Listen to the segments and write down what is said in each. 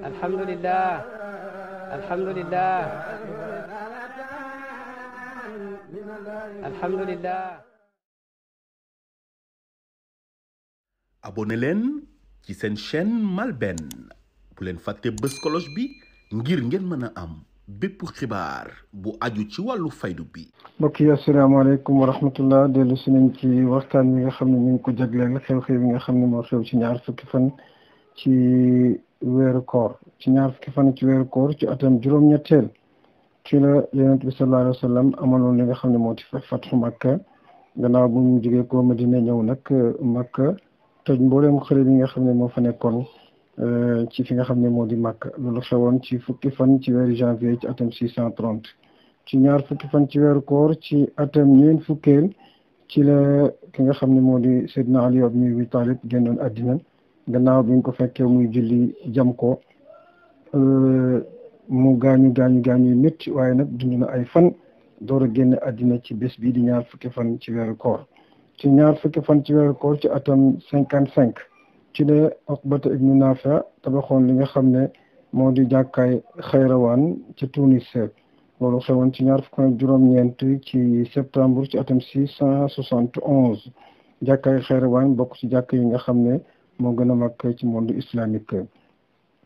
alhamdulilah alhamdulilah alhamdulilah abonné leen ci seen chaîne MALBN bu leen fàtte bës cloche bi ngir ngeen mën a am bépp xibaar bu aju ci wàllu faydu bi. mbokk yi asalaamaaleykum wa rahmatullah dellu si nañ ci waxtaan bi nga xam ne ñu ngi ko jagleel xew-xew bi nga xam ne moo xew ci ñaar fukki fan ci weeru koor ci ñaar fukki fan ci weeru koor ci atam juróom-ñetteel ci la yonent bi sallallahu alayhi wa sallam amaloon nga xam ne moo ci fatxu Makka gannaaw bu mu jógee ko Madina ñëw nag Makka toj mbooleem xëre yi nga xam ne moo fa nekkoon. Euh, ci fi nga xam ne moo di màkk loolu xewoon ci fukki fan ci weeru janvier ci atam six cent trente ci ñaar fukki fan ci weeru koor ci atam ñeen ci la ki nga xam ne moo di Seydina Ali ibn génnoon àddina gannaaw bi ko fekkee muy julli jam ko euh, mu gaañu gaañu gaañu métti waaye nag dund na ay fan door a génn àddina ci bés bii di ñaar fukki fan ci weeru ci ñaar fan ci koor ci atam cinquante cinq ci la Uqbata ibnu Naafi tabaxoon li nga xam ne moo di jàkkaay Xayrawaan ci Tunis loolu xewoon ci ñaar fukk ak juróom-ñeent ci septembre ci atam six cent soixante onze jàkkaay Xayrawaan bokk ci jàkk yi nga xam ne moo gën a mag ci monde islamique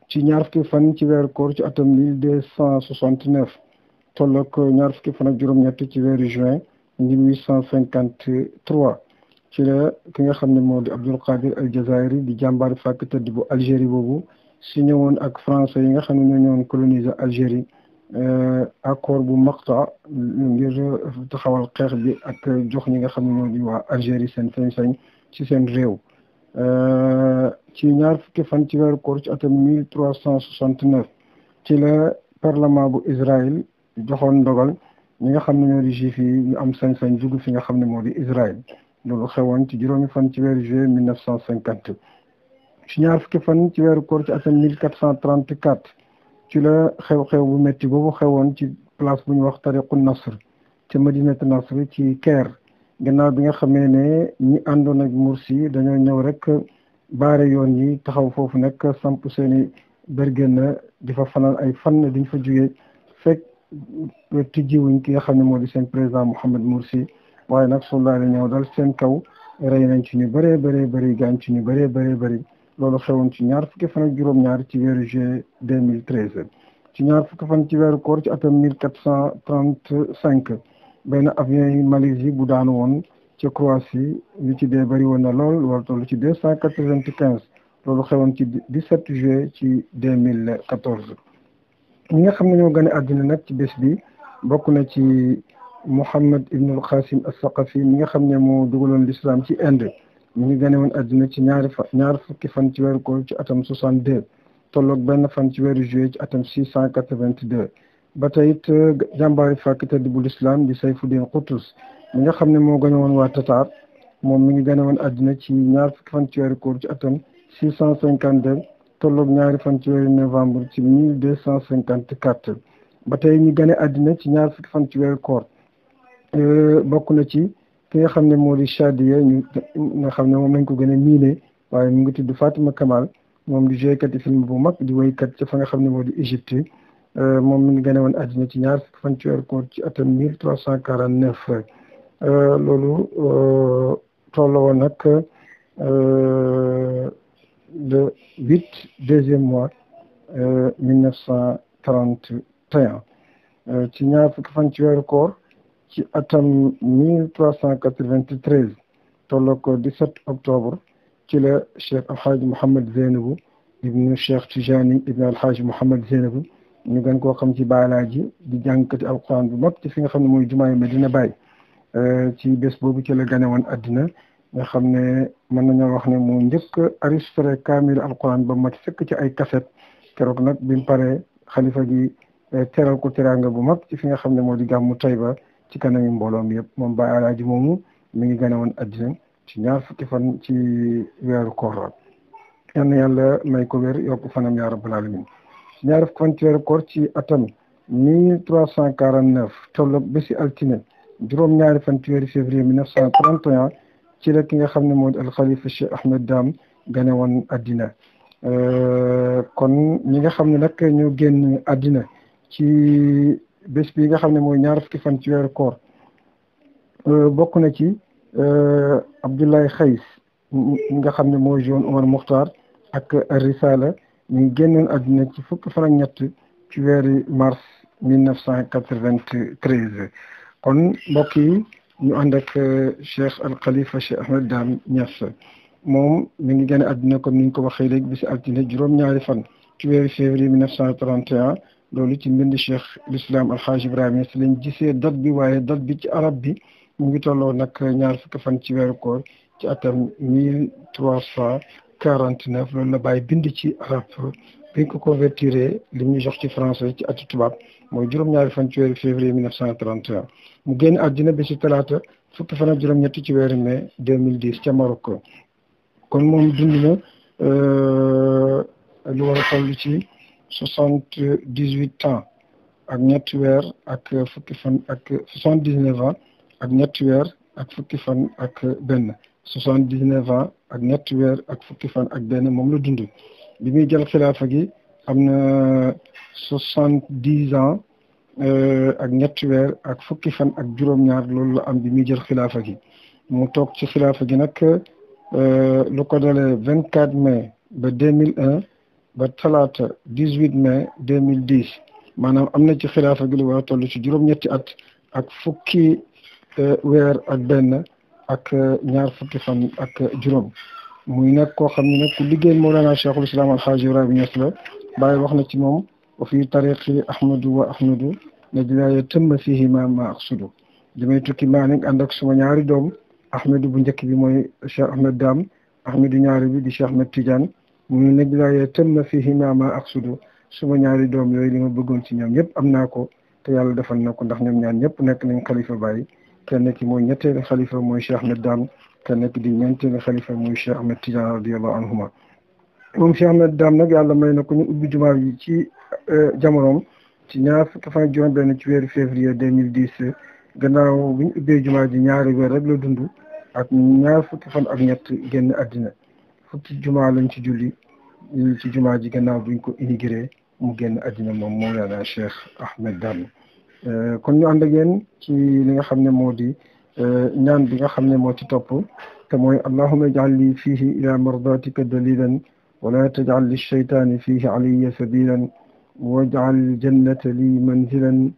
ci ñaar fukki fan ci weer koor ci atam mille deux cent soixante neuf ñaar fukki fan ak juróom-ñett ci weeru juin mille huit cent cinquante ci la ki nga xam ne moo di Abdul Qadir al Jazairi di jàmbaar fàkk tëdd bu Algérie boobu signé woon ak français yi nga xam ne ñoo ñëwoon coloniser Algérie euh, accord bu Maqta ngir taxawal xeex bi ak jox ñi nga xam ne ñoo di waa Algérie seen sañ-sañ ci seen réew euh, ci ñaar fukki fan ci weeru koor ci atam mille trois cent soixante neuf ci la parlement bu Israël joxoon ndogal ñi nga xam ne ñoo di juif yi ñu am sañ-sañ dugg fi nga xam ne moo di Israël loolu xewoon ci juróomi fan ci weeru juillet mille neuf cent cinquante ci ñaar fukki fan ci weeru koor ci atum mille quatre cent trente quatre ci la xew-xew bu metti boobu xewoon ci place bu ñu wax tariqu nasr ca madinatu nasr ci Caire gannaar bi nga xamee ne ñi àndoon ak Mursi dañoo ñëw rek baare yoon yi taxaw foofu nag samp seeni bergena di fa fanaan ay fan diñ fa jugee fekk tijjiwuñ ki nga xam ne moo di seen président Mohamed Mursi waaye nag soldaar yi ñëw dal seen kaw rey nañ ci ñu bëree bëree bëri gaañ ci ñu bëree bëree bëri loolu xewoon ci ñaar fukki fan ak juróom-ñaar ci weeru juillet deux mille treize ci ñaar fukki fan ci weeru koor ci atam mille quatre cent trente cinq benn avion yi Malaisie bu daanu woon ci Croatie li ci dee bëri woon na lool war toll ci deux cent quatre-vingt-quinze loolu xewoon ci dix-sept juillet ci deux mille quatorze ñi nga xam ne ñoo gën àddina nag ci bés bi bokk na ci Muhammad ibnul Qasim as-Saqafi mi nga xam ne moo dugaloon l'islam ci Inde mu ngi gane woon adduna ci ñaari fa ñaar fukki fan ci weeru koor ci atam 62 tolloog benn fan ci weeru juillet ci atam 682 ba tey it euh, jàmbaari fàkk tëdd bu l'islam di Sayfuddin Qutuz mi nga xam ne moo gane woon waa Tatar moom mi ngi gane woon adduna ci ñaar fukki fan ci weeru koor ci atam 652 tolloog ñaari fan ci weeru novembre ci 1254 ba tey ñi gane adduna ci ñaar fan ci weeru koor bokk na ci ki nga xam ne moo di Shadia ñu nga xam ne moom lañ ko gën a miine waaye mu ngi tudd Fatima Kamal moom di joué kat film bu mag di woykat ca fa nga xam ne moo di Égypte euh, moom mi ngi gën a woon àddina ci ñaar fan ci weer koor ci atam mille trois cent quarante neuf loolu tolloo woon nag le huit deuxième mois mille neuf cent ci ñaar fukki fan ci weeru koor ci atam mille trois cent quatre-vingt-treize tolloo ko dix-sept octobre ci la cheikh alxaaji Mouhamed Zeynabu ibnu cheikh Tijani ibnu alxaaji Mouhamed Zeynabu ñu gën koo xam ci baalaaji di jàngkati alquran bu mag ci fi nga xam ne mooy jumaay Medina Baye euh, ci bés boobu ci la gane woon addina nga xam ne mën nañoo wax ne mu njëkk enregistré kaamil alquran ba mat sëkk ci ay kaset keroog nag bi mu paree xalifa gi euh, teral ko teraanga bu mag ci fi nga xam ne moo di gàmmu Tayba ci kanamu mbooloo mi yëpp moom Baye Alaaji moomu mi ngi gane woon addina ci ñaar fukki fan ci weeru koor yal yàlla may ko wér yokk fanam yaa rabbal alamin ñaar fukki ci weeru koor ci atam mille trois cent quarante neuf tollo bési altine juróom ñaar fan ci weeru février cent trente ci la ki nga xam ne moo di alxalifa Cheikh Ahmed Dame gane woon addina euh, kon ñi nga xam ne nag ñu génn addina ci bés bi nga xam ne mooy ñaar fukki fan ci weeru koor euh, bokk na ci euh, Abdoulaye Xays nga xam ne mooy Jean Omar Muxtaar ak Risala ñu ngi génnoon àdduna ci fukki fan ak ñett ci weeri mars mille neuf cent kon mbokk yi ñu ànd ak euh, Cheikh Al Khalifa Cheikh Ahmed Dame Niass moom mi ngi génn àdduna comme ni ñu ko waxee léegi bisi altine juróom-ñaari fan ci weeri février loolu ci mbind cheikh l'islam alhaaj ibrahima si lañ gisee date bi waaye date bi ci arab bi mu ngi tolloo nag ñaar fukki fan ci weeru koor ci atam mille trois cent quarante neuf loolu la bàyyi bind ci arab biñ ko convertir li ñuy jox ci français ci atu tubaab mooy juróom-ñaari fan ci weeru février mille neuf cent trente un mu génn addina bi si talaata fukki fan ak juróom-ñetti ci weeru mai deux mille dix ca Maroc kon moom dund na euh, lu war a toll ci soixante dix huit ans ak ñetti weer ak fukki fan ak soixante dix neuf ans ak ñetti weer ak fukki fan ak benn soixante dix neuf ans ak ñetti weer ak fukki fan ak benn moom la dund bi muy jël xilaafa gi am na soixante dix ans euh, ak ñetti weer ak fukki fan ak juróom-ñaar loolu am bi muy jël xilaafa gi mu toog ci xilaafa gi nag euh, lu ko dalee vingt quatre mai ba deux mille un ba talaata dix-huit mai deux mille dix maanaam am na ci xilaafa a lu war a toll ci juróom-ñetti at ak fukki euh, weer ak benn ak euh, ñaar fukki fan ak juróom muy nag koo xam ne nag ku liggéey Mawlana Cheikhul Islam Alhaaji Ibrahima Ñas la Baay wax na ci moom wa fi tariqi ahmadu wa ahmadu najlaya tëmma fihi ma ma aqsudu damay tukki maa nag ànd ak suma ñaari doom ahmadu bu njëkk bi mooy Cheikh Ahmed Dam ahmadu ñaari bi di Cheikh Ahmed Tidiane mu nag laa yatamma fiihimaa maa aqsudu suma ñaari doom yooyu li ma bëggoon ci ñoom yëpp am naa ko te yàlla defal na ko ndax ñoom ñaan ñëpp nekk nañ xalifa baay kenn ki mooy ñetteelu xalifa mooy Cheikh Ahmed Dame kenn ki di ñeenteelu xalifa mooy Cheikh Ahmed Tidiane radiyallahu anhuma moom Cheikh Ahmed Dame nag yàlla may na ko ñu ubbi jumaa yi ci euh, jamonoom ci ñaar fukki fan juróom benn ci weeru février deux mille dix gannaaw bi ñu ubbee jumaa ji ñaari weer rek la dund ak ñaar fukki fan ak ñett génn àddina fukki jumaa lañ ci julli julli ci jumaa ji gannaaw buñ ko inauguré mu génn àddina moom Mawlana Cheikh Ahmed Dame euh, kon ñu ànd ak yéen ci li nga xam ne moo di euh, ñaan bi nga xam ne moo ci topp te mooy allahuma ij'al li fihi ila mardatika dalilan wala taj'al li shaytani fihi alayya sabilan waj'al jannata li manzilan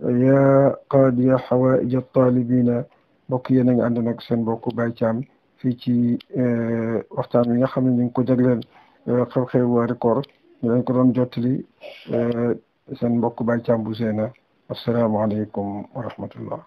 ya qaadiya xawaija talibina mbokk yéen a ngi ànd nag seen mbokk Baye Thiam fii ci eh, waxtaan wi nga xam ne ñu ngi ko jagleel eh, xew-xew waa record ñu leen ko doon jottali eh, seen mbokk Baye Thiam Bousseyna asalaamaaleykum wa rahmatullah